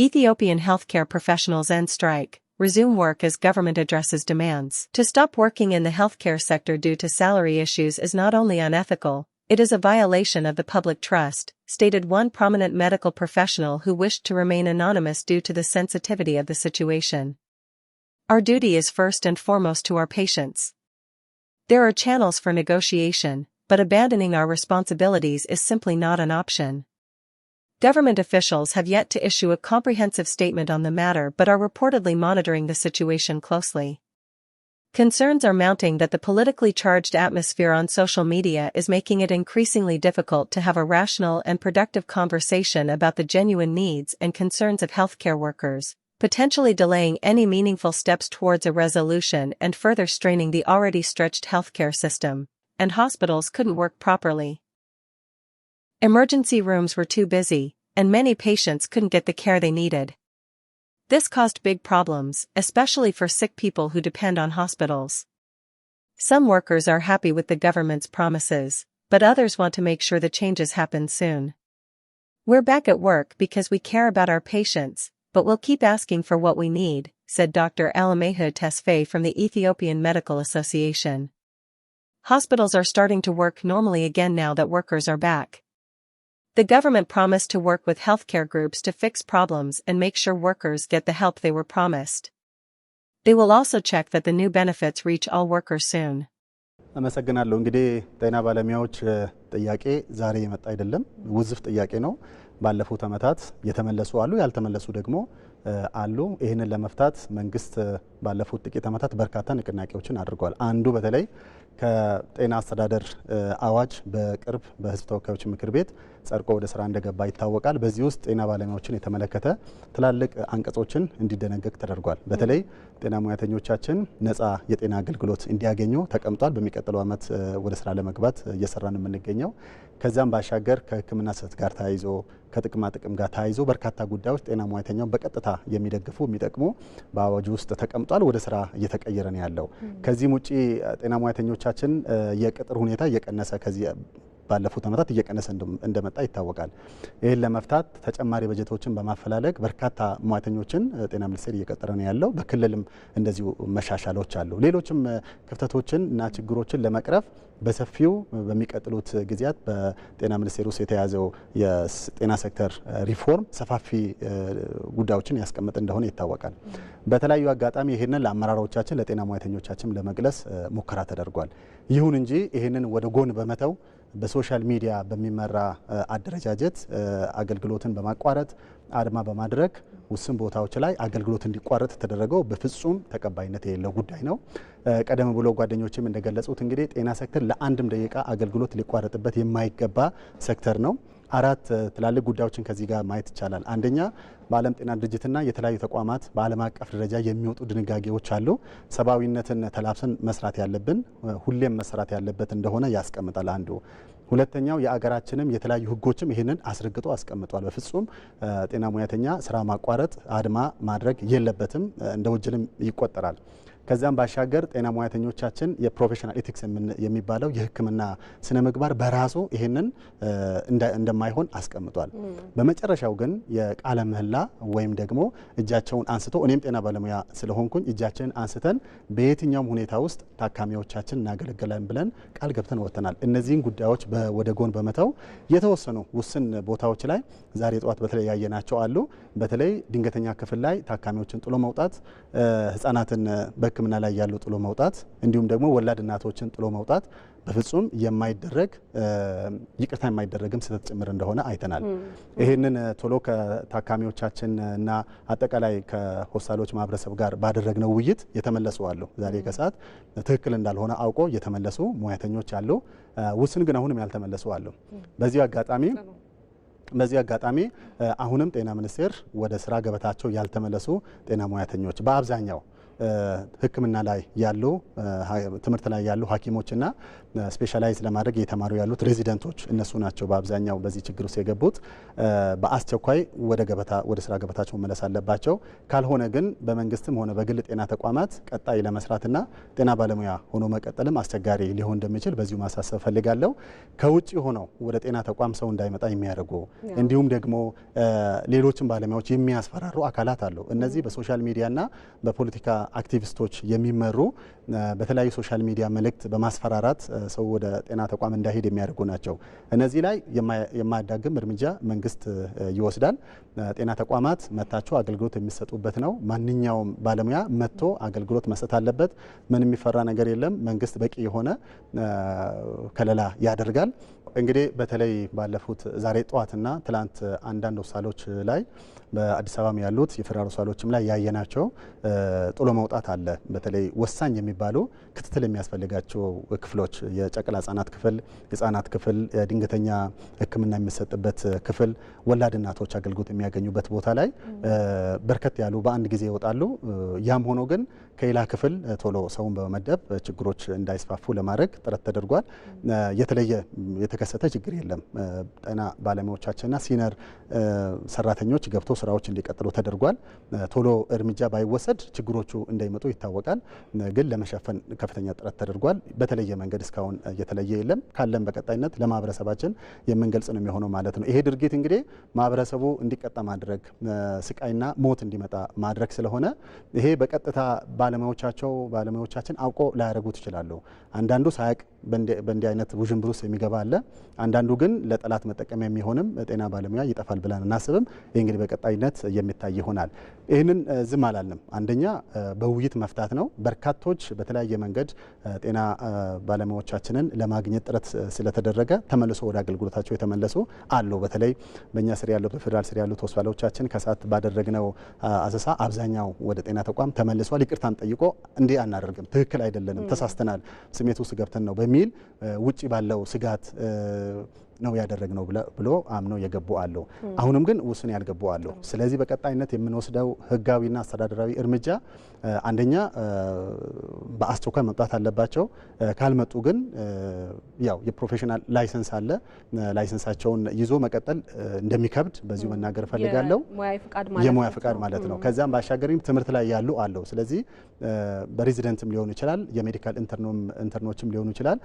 Ethiopian healthcare professionals end strike, resume work as government addresses demands. To stop working in the healthcare sector due to salary issues is not only unethical, it is a violation of the public trust, stated one prominent medical professional who wished to remain anonymous due to the sensitivity of the situation. Our duty is first and foremost to our patients. There are channels for negotiation, but abandoning our responsibilities is simply not an option. Government officials have yet to issue a comprehensive statement on the matter but are reportedly monitoring the situation closely. Concerns are mounting that the politically charged atmosphere on social media is making it increasingly difficult to have a rational and productive conversation about the genuine needs and concerns of healthcare workers, potentially delaying any meaningful steps towards a resolution and further straining the already stretched healthcare system, and hospitals couldn't work properly. Emergency rooms were too busy, and many patients couldn't get the care they needed. This caused big problems, especially for sick people who depend on hospitals. Some workers are happy with the government's promises, but others want to make sure the changes happen soon. We're back at work because we care about our patients, but we'll keep asking for what we need, said Dr. Alamehu Tesfay from the Ethiopian Medical Association. Hospitals are starting to work normally again now that workers are back, the government promised to work with healthcare groups to fix problems and make sure workers get the help they were promised. They will also check that the new benefits reach all workers soon. አመሰግናለሁ። እንግዲህ ጤና ባለሙያዎች ጥያቄ ዛሬ የመጣ አይደለም፣ ውዝፍ ጥያቄ ነው። ባለፉት የተመለሱ አሉ፣ ያልተመለሱ ደግሞ አሉ። ይህንን ለመፍታት መንግስት ባለፉት ጥቂት ዓመታት በርካታ ንቅናቄዎችን አድርጓል። አንዱ በተለይ ከጤና አስተዳደር አዋጅ በቅርብ በህዝብ ተወካዮች ምክር ቤት ጸድቆ ወደ ስራ እንደገባ ይታወቃል። በዚህ ውስጥ ጤና ባለሙያዎችን የተመለከተ ትላልቅ አንቀጾችን እንዲደነገግ ተደርጓል። በተለይ ጤና ሙያተኞቻችን ነጻ የጤና አገልግሎት እንዲያገኙ ተቀምጧል። በሚቀጥለው ዓመት ወደ ስራ ለመግባት እየሰራን የምንገኘው ከዚያም ባሻገር ከሕክምና ስህተት ጋር ተያይዞ ከጥቅማ ጥቅም ጋር ተያይዞ በርካታ ጉዳዮች ጤና ሙያተኛውን በቀጥታ የሚደግፉ የሚጠቅሙ በአዋጁ ውስጥ ተቀምጧል። ወደ ስራ እየተቀየረ ነው ያለው። ከዚህም ውጭ ጤና ሙያተኞቻችን የቅጥር ሁኔታ እየቀነሰ ከዚህ ባለፉት ዓመታት እየቀነሰ እንደመጣ ይታወቃል። ይህን ለመፍታት ተጨማሪ በጀቶችን በማፈላለግ በርካታ ሙያተኞችን ጤና ሚኒስቴር እየቀጠረ ነው ያለው። በክልልም እንደዚሁ መሻሻሎች አሉ። ሌሎችም ክፍተቶችን እና ችግሮችን ለመቅረፍ በሰፊው በሚቀጥሉት ጊዜያት በጤና ሚኒስቴር ውስጥ የተያዘው የጤና ሴክተር ሪፎርም ሰፋፊ ጉዳዮችን ያስቀምጥ እንደሆነ ይታወቃል። በተለያዩ አጋጣሚ ይህንን ለአመራሮቻችን ለጤና ሙያተኞቻችን ለመግለጽ ሙከራ ተደርጓል። ይሁን እንጂ ይህንን ወደ ጎን በመተው በሶሻል ሚዲያ በሚመራ አደረጃጀት አገልግሎትን በማቋረጥ አድማ በማድረግ ውስን ቦታዎች ላይ አገልግሎት እንዲቋረጥ ተደረገው በፍጹም ተቀባይነት የሌለው ጉዳይ ነው። ቀደም ብሎ ጓደኞችም እንደገለጹት እንግዲህ ጤና ሴክተር ለአንድም ደቂቃ አገልግሎት ሊቋረጥበት የማይገባ ሴክተር ነው። አራት ትላልቅ ጉዳዮችን ከዚህ ጋር ማየት ይቻላል። አንደኛ በዓለም ጤና ድርጅትና የተለያዩ ተቋማት በዓለም አቀፍ ደረጃ የሚወጡ ድንጋጌዎች አሉ። ሰብአዊነትን ተላብሰን መስራት ያለብን ሁሌም መስራት ያለበት እንደሆነ ያስቀምጣል አንዱ ሁለተኛው የአገራችንም የተለያዩ ህጎችም ይህንን አስረግጦ አስቀምጧል። በፍጹም ጤና ሙያተኛ ስራ ማቋረጥ፣ አድማ ማድረግ የለበትም፣ እንደ ወንጀልም ይቆጠራል። ከዚያም ባሻገር ጤና ሙያተኞቻችን የፕሮፌሽናል ኤቲክስ የሚባለው የሕክምና ስነ ምግባር በራሱ ይህንን እንደማይሆን አስቀምጧል። በመጨረሻው ግን የቃለ ምህላ ወይም ደግሞ እጃቸውን አንስቶ እኔም ጤና ባለሙያ ስለሆንኩኝ እጃችንን አንስተን በየትኛውም ሁኔታ ውስጥ ታካሚዎቻችን እናገለግለን ብለን ቃል ገብተን ወጥተናል። እነዚህን ጉዳዮች ወደ ጎን በመተው የተወሰኑ ውስን ቦታዎች ላይ ዛሬ ጠዋት በተለይ ያየናቸው አሉ። በተለይ ድንገተኛ ክፍል ላይ ታካሚዎችን ጥሎ መውጣት ህጻናትን በሕክምና ላይ ያሉ ጥሎ መውጣት እንዲሁም ደግሞ ወላድ እናቶችን ጥሎ መውጣት በፍጹም የማይደረግ ይቅርታ የማይደረግም ስህተት ጭምር እንደሆነ አይተናል። ይህንን ቶሎ ከታካሚዎቻችን እና አጠቃላይ ከሆስፒታሎች ማህበረሰብ ጋር ባደረግነው ውይይት የተመለሱ አሉ። ዛሬ ከሰዓት ትክክል እንዳልሆነ አውቆ የተመለሱ ሙያተኞች አሉ። ውስን ግን አሁንም ያልተመለሱ አሉ። በዚህ አጋጣሚ በዚህ አጋጣሚ አሁንም ጤና ሚኒስቴር ወደ ስራ ገበታቸው ያልተመለሱ ጤና ሙያተኞች በአብዛኛው ሕክምና ላይ ያሉ ትምህርት ላይ ያሉ ሐኪሞችና ስፔሻላይዝ ለማድረግ እየተማሩ ያሉት ሬዚደንቶች እነሱ ናቸው በአብዛኛው በዚህ ችግር ውስጥ የገቡት። በአስቸኳይ ወደ ገበታ ወደ ስራ ገበታቸው መመለስ አለባቸው። ካልሆነ ግን በመንግስትም ሆነ በግል ጤና ተቋማት ቀጣይ ለመስራትና ጤና ባለሙያ ሆኖ መቀጠልም አስቸጋሪ ሊሆን እንደሚችል በዚሁ ማሳሰብ ፈልጋለሁ። ከውጭ ሆነው ወደ ጤና ተቋም ሰው እንዳይመጣ የሚያደርጉ እንዲሁም ደግሞ ሌሎችን ባለሙያዎች የሚያስፈራሩ አካላት አሉ። እነዚህ በሶሻል ሚዲያና በፖለቲካ አክቲቪስቶች የሚመሩ በተለያዩ ሶሻል ሚዲያ መልእክት በማስፈራራት ሰው ወደ ጤና ተቋም እንዳይሄድ የሚያደርጉ ናቸው። እነዚህ ላይ የማያዳግም እርምጃ መንግስት ይወስዳል። ጤና ተቋማት መታቸው አገልግሎት የሚሰጡበት ነው። ማንኛውም ባለሙያ መጥቶ አገልግሎት መስጠት አለበት። ምን የሚፈራ ነገር የለም። መንግስት በቂ የሆነ ከለላ ያደርጋል። እንግዲህ በተለይ ባለፉት ዛሬ ጠዋትና ትላንት አንዳንድ ውሳሎች ላይ በአዲስ አበባም ያሉት የፌዴራል ውሳሎችም ላይ ያየናቸው ጥሎ መውጣት አለ። በተለይ ወሳኝ የሚባሉ ክትትል የሚያስፈልጋቸው ክፍሎች የጨቅላ ህጻናት ክፍል፣ የህጻናት ክፍል፣ የድንገተኛ ሕክምና የሚሰጥበት ክፍል፣ ወላድ እናቶች አገልግሎት የሚያገኙበት ቦታ ላይ በርከት ያሉ በአንድ ጊዜ ይወጣሉ። ያም ሆኖ ግን ከሌላ ክፍል ቶሎ ሰውን በመመደብ ችግሮች እንዳይስፋፉ ለማድረግ ጥረት ተደርጓል። የተለየ የተከሰተ ችግር የለም። ጤና ባለሙያዎቻችንና ሲነር ሰራተኞች ገብቶ ስራዎች እንዲቀጥሉ ተደርጓል። ቶሎ እርምጃ ባይወሰድ ችግሮቹ እንዳይመጡ ይታወቃል። ግን ለመሸፈን ከፍተኛ ጥረት ተደርጓል። በተለየ መንገድ እስካሁን የተለየ የለም። ካለን በቀጣይነት ለማህበረሰባችን የምንገልጽ ነው የሚሆነው ማለት ነው። ይሄ ድርጊት እንግዲህ ማህበረሰቡ እንዲቀጣ ማድረግ፣ ስቃይና ሞት እንዲመጣ ማድረግ ስለሆነ ይሄ በቀጥታ ባለሙያዎቻቸው ባለሙያዎቻችን አውቆ ላያደርጉት ይችላሉ። አንዳንዱ ሳያቅ በእንዲህ አይነት ውዥንብር ውስጥ የሚገባ አለ። አንዳንዱ ግን ለጠላት መጠቀሚያ የሚሆንም ጤና ባለሙያ ይጠፋል ብለን እናስብም። ይህ እንግዲህ በቀጣይነት የሚታይ ይሆናል። ይህንን ዝም አላልንም። አንደኛ በውይይት መፍታት ነው። በርካቶች በተለያየ መንገድ ጤና ባለሙያዎቻችንን ለማግኘት ጥረት ስለተደረገ ተመልሶ ወደ አገልግሎታቸው የተመለሱ አሉ። በተለይ በእኛ ስር ያሉት በፌዴራል ስር ያሉት ሆስፒታሎቻችን ከሰዓት ባደረግነው አሰሳ አብዛኛው ወደ ጤና ተቋም ተመልሷል። ይቅርታን ጠይቆ እንዲህ አናደርግም፣ ትክክል አይደለንም፣ ተሳስተናል፣ ስሜት ውስጥ ገብተን ነው በሚል ውጭ ባለው ስጋት ነው ያደረግነው ብሎ አምነው የገቡ አሉ። አሁንም ግን ውሱን ያልገቡ አሉ። ስለዚህ በቀጣይነት የምንወስደው ህጋዊና አስተዳደራዊ እርምጃ አንደኛ በአስቸኳይ መምጣት አለባቸው። ካልመጡ ግን ያው የፕሮፌሽናል ላይሰንስ አለ። ላይሰንሳቸውን ይዞ መቀጠል እንደሚከብድ በዚሁ መናገር እፈልጋለሁ። የሙያ ፍቃድ ማለት ነው። ከዚያም ባሻገር ትምህርት ላይ ያሉ አለው። ስለዚህ በሬዚደንትም ሊሆኑ ይችላል፣ የሜዲካል ኢንተርኖችም ሊሆኑ ይችላል።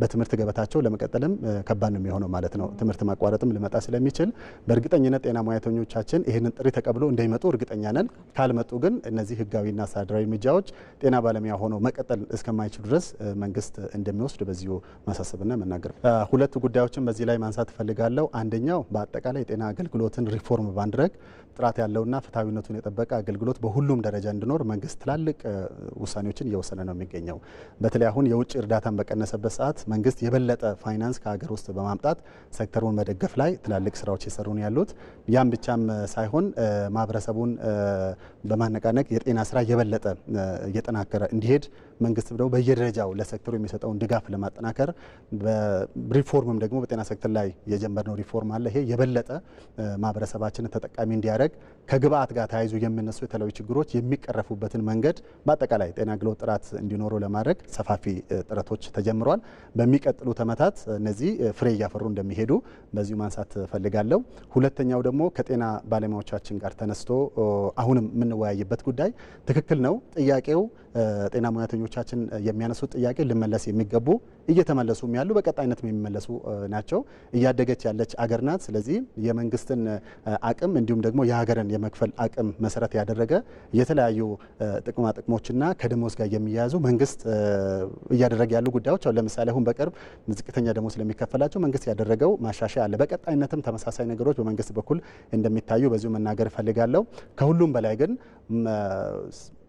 በትምህርት ገበታቸው ለመቀጠልም ከባድ ነው የሚሆነው። ነው ማለት ነው። ትምህርት ማቋረጥም ሊመጣ ስለሚችል በእርግጠኝነት ጤና ሙያተኞቻችን ይህንን ጥሪ ተቀብሎ እንደሚመጡ እርግጠኛ ነን። ካልመጡ ግን እነዚህ ህጋዊና አስተዳደራዊ እርምጃዎች ጤና ባለሙያ ሆኖ መቀጠል እስከማይችሉ ድረስ መንግስት እንደሚወስድ በዚሁ ማሳሰብና መናገር። ሁለት ጉዳዮችን በዚህ ላይ ማንሳት እፈልጋለሁ። አንደኛው በአጠቃላይ የጤና አገልግሎትን ሪፎርም ባንድረግ ጥራት ያለውና ፍትሐዊነቱን የጠበቀ አገልግሎት በሁሉም ደረጃ እንዲኖር መንግስት ትላልቅ ውሳኔዎችን እየወሰነ ነው የሚገኘው። በተለይ አሁን የውጭ እርዳታን በቀነሰበት ሰዓት መንግስት የበለጠ ፋይናንስ ከሀገር ውስጥ በማምጣት በመስራት ሴክተሩን መደገፍ ላይ ትላልቅ ስራዎች የሰሩን ያሉት። ያም ብቻም ሳይሆን ማህበረሰቡን በማነቃነቅ የጤና ስራ የበለጠ እየጠናከረ እንዲሄድ መንግስት ደግሞ በየደረጃው ለሴክተሩ የሚሰጠውን ድጋፍ ለማጠናከር ሪፎርምም ደግሞ በጤና ሴክተር ላይ የጀመርነው ሪፎርም አለ። ይሄ የበለጠ ማህበረሰባችንን ተጠቃሚ እንዲያደርግ ከግብአት ጋር ተያይዞ የሚነሱ የተለያዩ ችግሮች የሚቀረፉበትን መንገድ በአጠቃላይ ጤና አገልግሎት ጥራት እንዲኖረው ለማድረግ ሰፋፊ ጥረቶች ተጀምሯል። በሚቀጥሉት ዓመታት እነዚህ ፍሬ እያፈሩ እንደሚሄዱ በዚሁ ማንሳት ፈልጋለሁ። ሁለተኛው ደግሞ ከጤና ባለሙያዎቻችን ጋር ተነስቶ አሁንም የምንወያይበት ጉዳይ ትክክል ነው ጥያቄው ጤና ሙያተኞች እንግዶቻችን የሚያነሱት ጥያቄ ልመለስ የሚገቡ እየተመለሱም ያሉ በቀጣይነት የሚመለሱ ናቸው። እያደገች ያለች አገር ናት። ስለዚህ የመንግስትን አቅም እንዲሁም ደግሞ የሀገርን የመክፈል አቅም መሰረት ያደረገ የተለያዩ ጥቅማ ጥቅሞችና ከደሞዝ ጋር የሚያያዙ መንግስት እያደረገ ያሉ ጉዳዮች አሁን ለምሳሌ አሁን በቅርብ ዝቅተኛ ደሞዝ ስለሚከፈላቸው መንግስት ያደረገው ማሻሻያ አለ። በቀጣይነትም ተመሳሳይ ነገሮች በመንግስት በኩል እንደሚታዩ በዚሁ መናገር እፈልጋለሁ። ከሁሉም በላይ ግን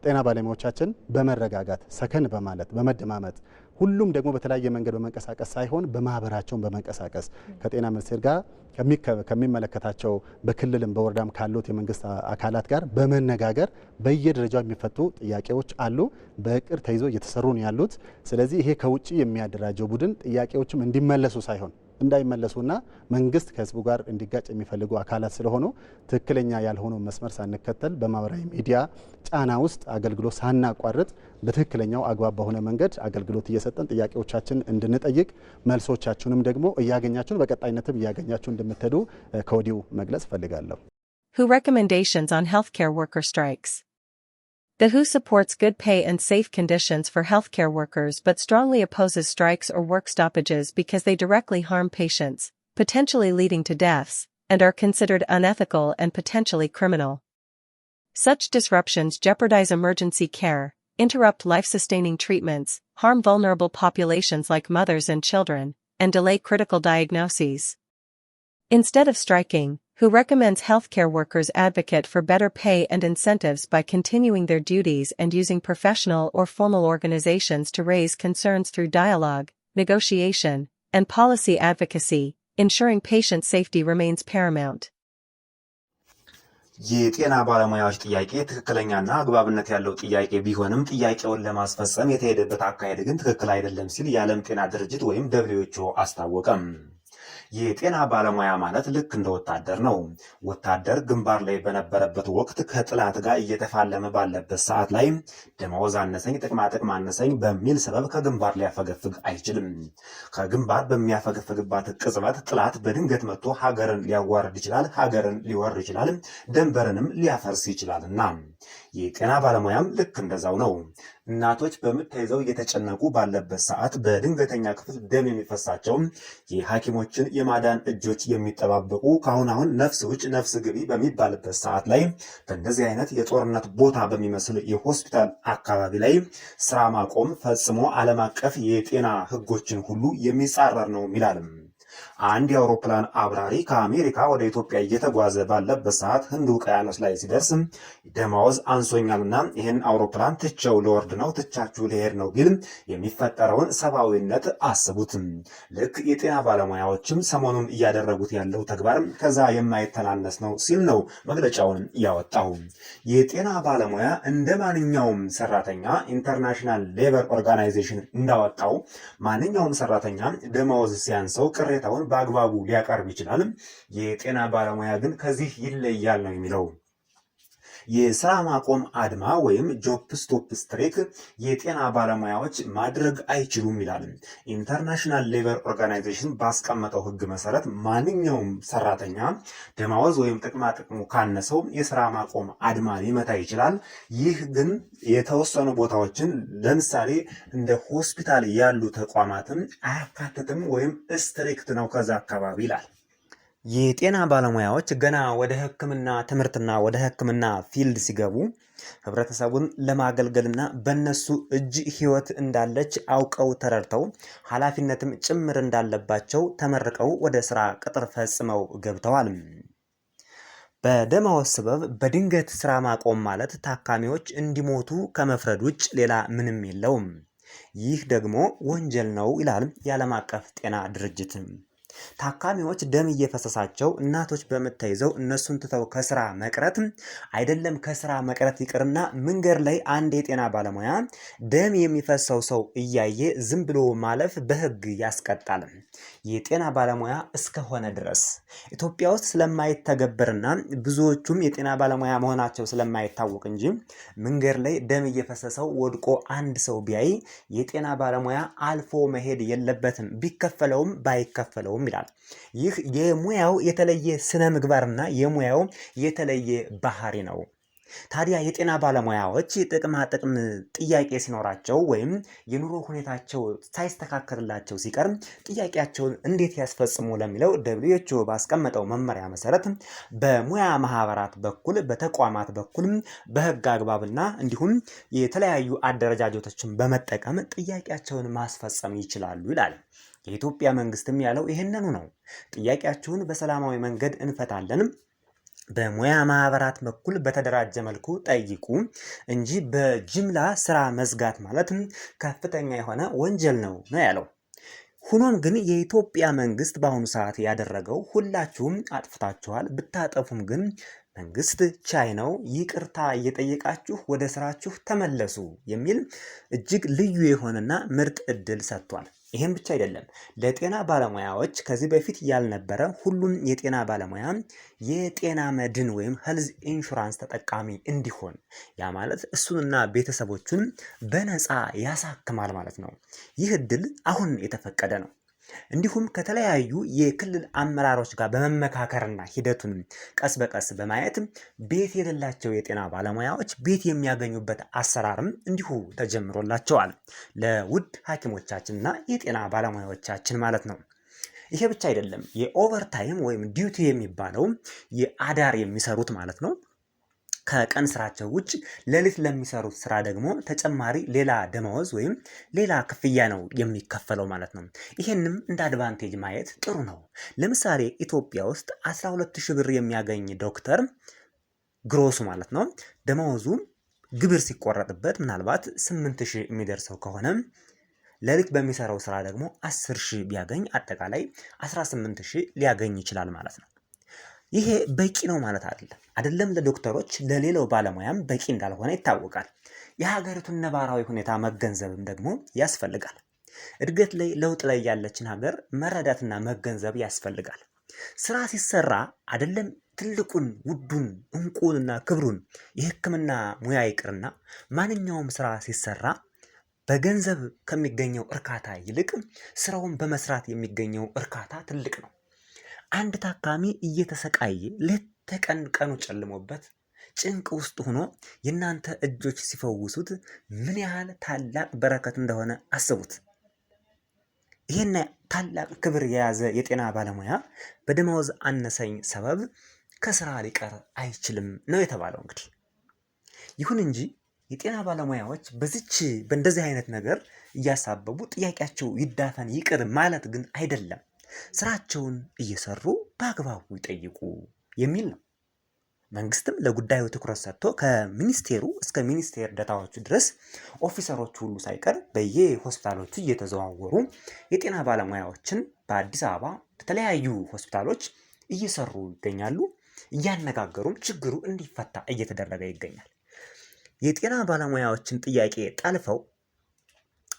ጤና ባለሙያዎቻችን በመረጋጋት ሰከን በማለት በመደማመጥ ሁሉም ደግሞ በተለያየ መንገድ በመንቀሳቀስ ሳይሆን በማህበራቸውን በመንቀሳቀስ ከጤና ሚኒስቴር ጋር ከሚመለከታቸው በክልልም በወረዳም ካሉት የመንግስት አካላት ጋር በመነጋገር በየደረጃው የሚፈቱ ጥያቄዎች አሉ። በእቅድ ተይዞ እየተሰሩ ነው ያሉት። ስለዚህ ይሄ ከውጭ የሚያደራጀው ቡድን ጥያቄዎችም እንዲመለሱ ሳይሆን እንዳይመለሱና መንግስት ከህዝቡ ጋር እንዲጋጭ የሚፈልጉ አካላት ስለሆኑ ትክክለኛ ያልሆኑ መስመር ሳንከተል በማህበራዊ ሚዲያ ጫና ውስጥ አገልግሎት ሳናቋርጥ በትክክለኛው አግባብ በሆነ መንገድ አገልግሎት እየሰጠን ጥያቄዎቻችን እንድንጠይቅ መልሶቻችሁንም ደግሞ እያገኛችሁን በቀጣይነትም እያገኛችሁ እንደምትሄዱ ከወዲሁ መግለጽ እፈልጋለሁ። Who recommendations on healthcare worker strikes? The WHO supports good pay and safe conditions for healthcare workers but strongly opposes strikes or work stoppages because they directly harm patients, potentially leading to deaths, and are considered unethical and potentially criminal. Such disruptions jeopardize emergency care, interrupt life-sustaining treatments, harm vulnerable populations like mothers and children, and delay critical diagnoses. Instead of striking, who recommends healthcare workers advocate for better pay and incentives by continuing their duties and using professional or formal organizations to raise concerns through dialogue, negotiation, and policy advocacy, ensuring patient safety remains paramount. የጤና ባለሙያዎች ጥያቄ ትክክለኛና አግባብነት ያለው ጥያቄ ቢሆንም ጥያቄውን ለማስፈጸም የተሄደበት አካሄድ ግን ትክክል አይደለም ሲል የዓለም ጤና ድርጅት ወይም አስታወቀም። የጤና ባለሙያ ማለት ልክ እንደ ወታደር ነው። ወታደር ግንባር ላይ በነበረበት ወቅት ከጥላት ጋር እየተፋለመ ባለበት ሰዓት ላይ ደመወዝ አነሰኝ፣ ጥቅማ ጥቅም አነሰኝ በሚል ሰበብ ከግንባር ሊያፈገፍግ አይችልም። ከግንባር በሚያፈገፍግባት ቅጽበት ጥላት በድንገት መጥቶ ሀገርን ሊያዋርድ ይችላል፣ ሀገርን ሊወር ይችላል፣ ደንበርንም ሊያፈርስ ይችላልና የጤና ባለሙያም ልክ እንደዛው ነው። እናቶች በምጥ ተይዘው እየተጨነቁ ባለበት ሰዓት በድንገተኛ ክፍል ደም የሚፈሳቸውም የሐኪሞችን የማዳን እጆች የሚጠባበቁ ከአሁን አሁን ነፍስ ውጭ ነፍስ ግቢ በሚባልበት ሰዓት ላይ በእንደዚህ አይነት የጦርነት ቦታ በሚመስል የሆስፒታል አካባቢ ላይ ስራ ማቆም ፈጽሞ ዓለም አቀፍ የጤና ሕጎችን ሁሉ የሚጻረር ነው ይላልም። አንድ የአውሮፕላን አብራሪ ከአሜሪካ ወደ ኢትዮጵያ እየተጓዘ ባለበት ሰዓት ህንድ ውቅያኖስ ላይ ሲደርስ ደማወዝ አንሶኛልና ይህን አውሮፕላን ትቸው ልወርድ ነው፣ ትቻችሁ ልሄድ ነው ቢል የሚፈጠረውን ሰብአዊነት አስቡትም ልክ የጤና ባለሙያዎችም ሰሞኑን እያደረጉት ያለው ተግባር ከዛ የማይተናነስ ነው ሲል ነው መግለጫውን ያወጣው። የጤና ባለሙያ እንደ ማንኛውም ሰራተኛ ኢንተርናሽናል ሌበር ኦርጋናይዜሽን እንዳወጣው ማንኛውም ሰራተኛ ደማወዝ ሲያንሰው ቅሬታውን በአግባቡ ሊያቀርብ ይችላልም። የጤና ባለሙያ ግን ከዚህ ይለያል ነው የሚለው። የስራ ማቆም አድማ ወይም ጆፕ ስቶፕ ስትሬክ የጤና ባለሙያዎች ማድረግ አይችሉም ይላል። ኢንተርናሽናል ሌበር ኦርጋናይዜሽን ባስቀመጠው ህግ መሰረት ማንኛውም ሰራተኛ ደማወዝ ወይም ጥቅማ ጥቅሙ ካነሰው የስራ ማቆም አድማ ሊመታ ይችላል። ይህ ግን የተወሰኑ ቦታዎችን ለምሳሌ እንደ ሆስፒታል ያሉ ተቋማትን አያካትትም ወይም ስትሪክት ነው ከዛ አካባቢ ይላል። የጤና ባለሙያዎች ገና ወደ ህክምና ትምህርትና ወደ ህክምና ፊልድ ሲገቡ ህብረተሰቡን ለማገልገልና በእነሱ እጅ ህይወት እንዳለች አውቀው ተረድተው ኃላፊነትም ጭምር እንዳለባቸው ተመርቀው ወደ ስራ ቅጥር ፈጽመው ገብተዋል። በደመወዝ ሰበብ በድንገት ስራ ማቆም ማለት ታካሚዎች እንዲሞቱ ከመፍረድ ውጭ ሌላ ምንም የለውም። ይህ ደግሞ ወንጀል ነው ይላል የዓለም አቀፍ ጤና ድርጅት። ታካሚዎች ደም እየፈሰሳቸው እናቶች በምት እነሱን ትተው ከስራ መቅረት አይደለም ከስራ መቅረት ይቅርና መንገድ ላይ አንድ የጤና ባለሙያ ደም የሚፈሰው ሰው እያየ ዝም ብሎ ማለፍ በህግ ያስቀጣል። የጤና ባለሙያ እስከሆነ ድረስ ኢትዮጵያ ውስጥ ስለማይተገበርና ብዙዎቹም የጤና ባለሙያ መሆናቸው ስለማይታወቅ እንጂ መንገድ ላይ ደም እየፈሰሰው ወድቆ አንድ ሰው ቢያይ የጤና ባለሙያ አልፎ መሄድ የለበትም። ቢከፈለውም ባይከፈለውም የለውም ይላል። ይህ የሙያው የተለየ ስነ ምግባርና የሙያው የተለየ ባህሪ ነው። ታዲያ የጤና ባለሙያዎች ጥቅማ ጥቅም ጥያቄ ሲኖራቸው ወይም የኑሮ ሁኔታቸው ሳይስተካከልላቸው ሲቀር ጥያቄያቸውን እንዴት ያስፈጽሙ ለሚለው ደብሊው ኤች ኦ ባስቀመጠው መመሪያ መሰረት በሙያ ማህበራት በኩል በተቋማት በኩል በህግ አግባብና እንዲሁም የተለያዩ አደረጃጀቶችን በመጠቀም ጥያቄያቸውን ማስፈጸም ይችላሉ ይላል። የኢትዮጵያ መንግስትም ያለው ይህንኑ ነው። ጥያቄያችሁን በሰላማዊ መንገድ እንፈታለንም በሙያ ማህበራት በኩል በተደራጀ መልኩ ጠይቁ እንጂ በጅምላ ስራ መዝጋት ማለት ከፍተኛ የሆነ ወንጀል ነው ነው ያለው። ሆኖም ግን የኢትዮጵያ መንግስት በአሁኑ ሰዓት ያደረገው ሁላችሁም አጥፍታችኋል፣ ብታጠፉም ግን መንግስት ቻይ ነው፣ ይቅርታ እየጠየቃችሁ ወደ ስራችሁ ተመለሱ የሚል እጅግ ልዩ የሆነና ምርጥ እድል ሰጥቷል። ይህም ብቻ አይደለም፣ ለጤና ባለሙያዎች ከዚህ በፊት ያልነበረ ሁሉም የጤና ባለሙያ የጤና መድን ወይም ሄልዝ ኢንሹራንስ ተጠቃሚ እንዲሆን ያ ማለት እሱንና ቤተሰቦቹን በነፃ ያሳክማል ማለት ነው። ይህ እድል አሁን የተፈቀደ ነው። እንዲሁም ከተለያዩ የክልል አመራሮች ጋር በመመካከርና ሂደቱን ቀስ በቀስ በማየት ቤት የሌላቸው የጤና ባለሙያዎች ቤት የሚያገኙበት አሰራርም እንዲሁ ተጀምሮላቸዋል። ለውድ ሐኪሞቻችንና የጤና ባለሙያዎቻችን ማለት ነው። ይሄ ብቻ አይደለም። የኦቨርታይም ወይም ዲዩቲ የሚባለው የአዳር የሚሰሩት ማለት ነው ከቀን ስራቸው ውጭ ሌሊት ለሚሰሩት ስራ ደግሞ ተጨማሪ ሌላ ደመወዝ ወይም ሌላ ክፍያ ነው የሚከፈለው ማለት ነው። ይሄንም እንደ አድቫንቴጅ ማየት ጥሩ ነው። ለምሳሌ ኢትዮጵያ ውስጥ 12 ሺህ ብር የሚያገኝ ዶክተር ግሮሱ ማለት ነው ደመወዙ ግብር ሲቆረጥበት ምናልባት 8 ሺህ የሚደርሰው ከሆነ ሌሊት በሚሰራው ስራ ደግሞ 10 ሺህ ቢያገኝ አጠቃላይ 18 ሺህ ሊያገኝ ይችላል ማለት ነው። ይሄ በቂ ነው ማለት አይደለም። አይደለም ለዶክተሮች ለሌላው ባለሙያም በቂ እንዳልሆነ ይታወቃል። የሀገሪቱን ነባራዊ ሁኔታ መገንዘብም ደግሞ ያስፈልጋል። እድገት ላይ ለውጥ ላይ ያለችን ሀገር መረዳትና መገንዘብ ያስፈልጋል። ስራ ሲሰራ አይደለም ትልቁን ውዱን እንቁንና ክብሩን የሕክምና ሙያ ይቅርና ማንኛውም ስራ ሲሰራ በገንዘብ ከሚገኘው እርካታ ይልቅ ስራውን በመስራት የሚገኘው እርካታ ትልቅ ነው። አንድ ታካሚ እየተሰቃየ ሌት ቀኑ ጨልሞበት ጭንቅ ውስጥ ሆኖ የእናንተ እጆች ሲፈውሱት ምን ያህል ታላቅ በረከት እንደሆነ አስቡት። ይህን ታላቅ ክብር የያዘ የጤና ባለሙያ በደመወዝ አነሰኝ ሰበብ ከስራ ሊቀር አይችልም ነው የተባለው። እንግዲህ ይሁን እንጂ የጤና ባለሙያዎች በዚች በእንደዚህ አይነት ነገር እያሳበቡ ጥያቄያቸው ይዳፈን ይቅር ማለት ግን አይደለም። ስራቸውን እየሰሩ በአግባቡ ይጠይቁ የሚል ነው። መንግስትም ለጉዳዩ ትኩረት ሰጥቶ ከሚኒስቴሩ እስከ ሚኒስቴር ደታዎቹ ድረስ ኦፊሰሮቹ ሁሉ ሳይቀር በየሆስፒታሎቹ እየተዘዋወሩ የጤና ባለሙያዎችን በአዲስ አበባ በተለያዩ ሆስፒታሎች እየሰሩ ይገኛሉ። እያነጋገሩም ችግሩ እንዲፈታ እየተደረገ ይገኛል። የጤና ባለሙያዎችን ጥያቄ ጠልፈው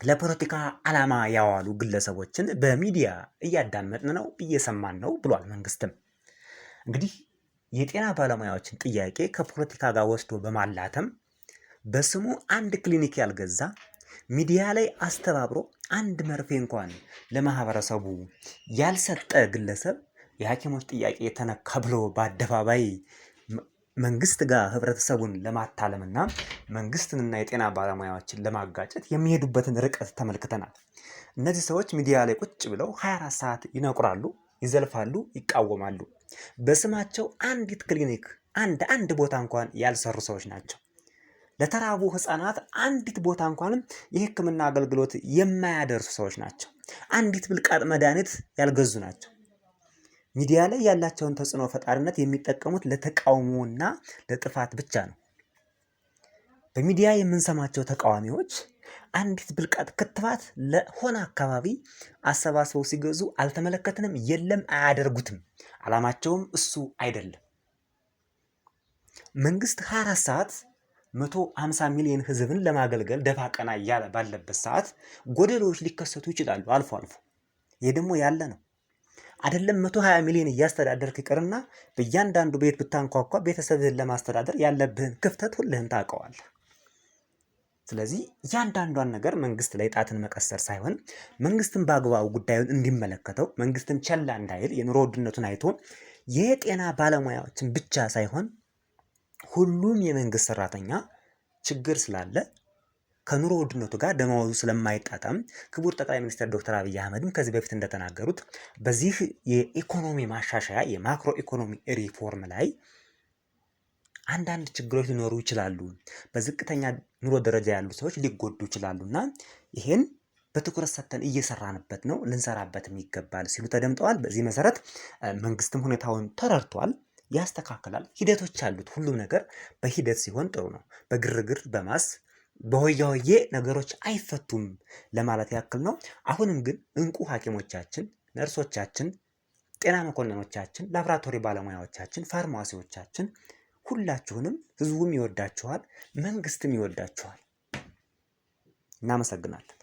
ለፖለቲካ ዓላማ ያዋሉ ግለሰቦችን በሚዲያ እያዳመጥን ነው፣ እየሰማን ነው ብሏል። መንግስትም እንግዲህ የጤና ባለሙያዎችን ጥያቄ ከፖለቲካ ጋር ወስዶ በማላተም በስሙ አንድ ክሊኒክ ያልገዛ ሚዲያ ላይ አስተባብሮ አንድ መርፌ እንኳን ለማህበረሰቡ ያልሰጠ ግለሰብ የሐኪሞች ጥያቄ የተነካ ብሎ በአደባባይ መንግስት ጋር ህብረተሰቡን ለማታለምና መንግስትንና የጤና ባለሙያዎችን ለማጋጨት የሚሄዱበትን ርቀት ተመልክተናል። እነዚህ ሰዎች ሚዲያ ላይ ቁጭ ብለው 24 ሰዓት ይነቁራሉ፣ ይዘልፋሉ፣ ይቃወማሉ። በስማቸው አንዲት ክሊኒክ አንድ አንድ ቦታ እንኳን ያልሰሩ ሰዎች ናቸው። ለተራቡ ህፃናት አንዲት ቦታ እንኳንም የህክምና አገልግሎት የማያደርሱ ሰዎች ናቸው። አንዲት ብልቃጥ መድኃኒት ያልገዙ ናቸው። ሚዲያ ላይ ያላቸውን ተጽዕኖ ፈጣሪነት የሚጠቀሙት ለተቃውሞና ለጥፋት ብቻ ነው። በሚዲያ የምንሰማቸው ተቃዋሚዎች አንዲት ብልቃት ክትባት ለሆነ አካባቢ አሰባስበው ሲገዙ አልተመለከትንም፣ የለም፣ አያደርጉትም። አላማቸውም እሱ አይደለም። መንግስት 24 ሰዓት 150 ሚሊዮን ህዝብን ለማገልገል ደፋ ቀና እያለ ባለበት ሰዓት ጎደሎዎች ሊከሰቱ ይችላሉ አልፎ አልፎ። ይህ ደግሞ ያለ ነው። አይደለም 120 ሚሊዮን እያስተዳደርክ ይቅርና በእያንዳንዱ ቤት ብታንኳኳ ቤተሰብህን ለማስተዳደር ያለብህን ክፍተት ሁልህን ታውቀዋለህ። ስለዚህ እያንዳንዷን ነገር መንግስት ላይ ጣትን መቀሰር ሳይሆን መንግስትን በአግባቡ ጉዳዩን እንዲመለከተው መንግስትን ቸላ እንዳይል የኑሮ ውድነቱን አይቶ የጤና ባለሙያዎችን ብቻ ሳይሆን ሁሉም የመንግስት ሰራተኛ ችግር ስላለ ከኑሮ ውድነቱ ጋር ደመወዙ ስለማይጣጣም ክቡር ጠቅላይ ሚኒስትር ዶክተር አብይ አህመድም ከዚህ በፊት እንደተናገሩት በዚህ የኢኮኖሚ ማሻሻያ የማክሮ ኢኮኖሚ ሪፎርም ላይ አንዳንድ ችግሮች ሊኖሩ ይችላሉ። በዝቅተኛ ኑሮ ደረጃ ያሉ ሰዎች ሊጎዱ እና ይሄን በትኩረት ሰጥተን እየሰራንበት ነው፣ ልንሰራበትም ይገባል ሲሉ ተደምጠዋል። በዚህ መሰረት መንግስትም ሁኔታውን ተረድቷል፣ ያስተካክላል። ሂደቶች አሉት። ሁሉም ነገር በሂደት ሲሆን ጥሩ ነው። በግርግር በማስ በሆያ ነገሮች አይፈቱም ለማለት ያክል ነው። አሁንም ግን እንቁ ሐኪሞቻችን፣ ነርሶቻችን፣ ጤና መኮንኖቻችን፣ ላብራቶሪ ባለሙያዎቻችን፣ ፋርማሲዎቻችን ሁላችሁንም ህዝቡም ይወዳችኋል፣ መንግስትም ይወዳችኋል። እናመሰግናለን።